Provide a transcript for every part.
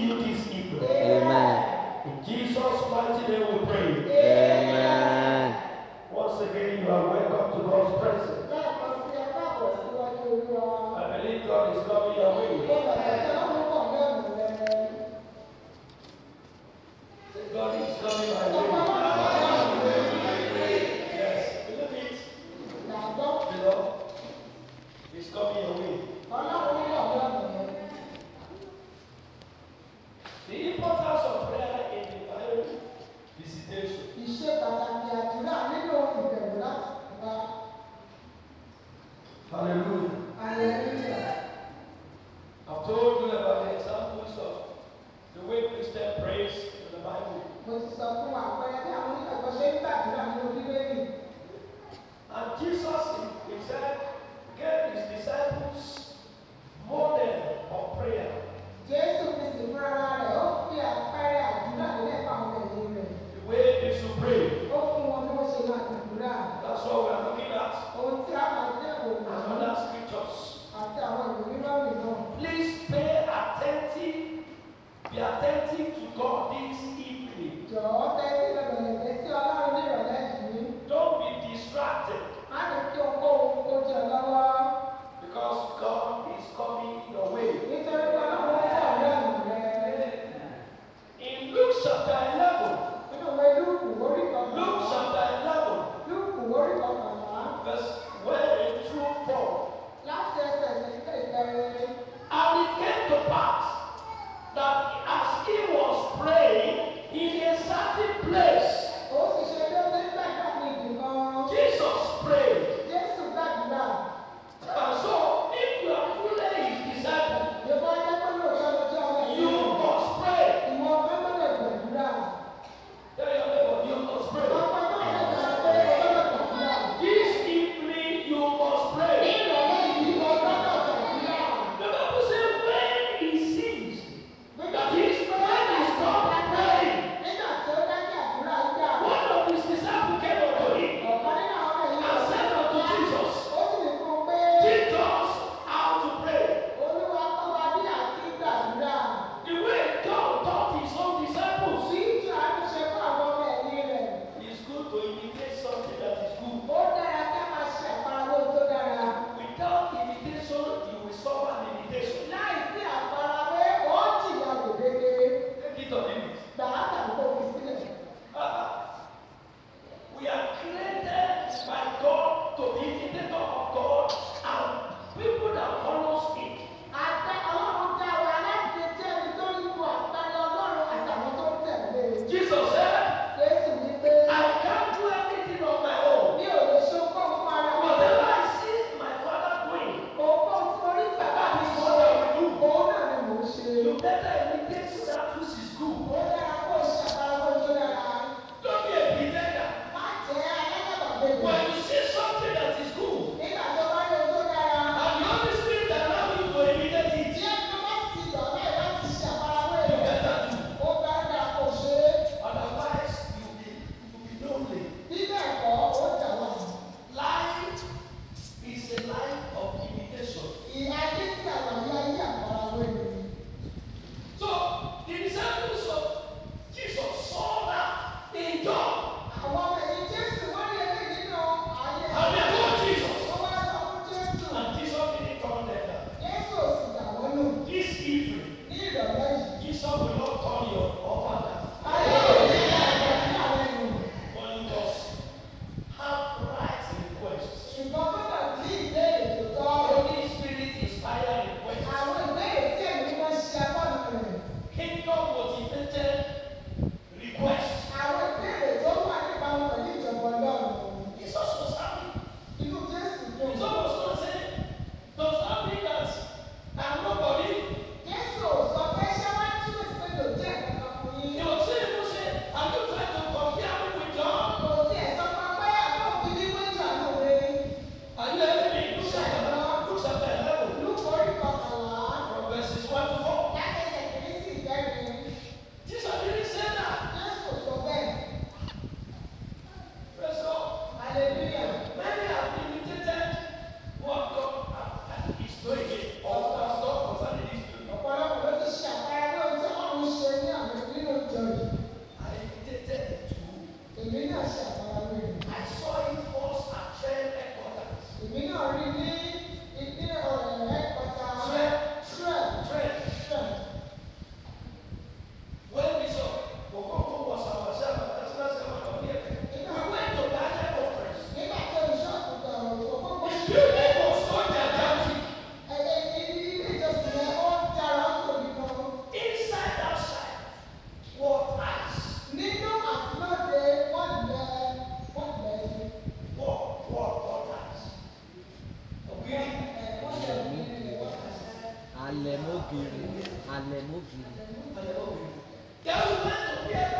Amen. In Jesus' mighty name we pray. Amen. Once again, you are welcome to God's presence. I believe God is coming your God αν κρίνετε το δείχνετε το αυτό àlẹ̀mọ́gìrì àlẹ̀mọ́gìrì.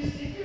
Christ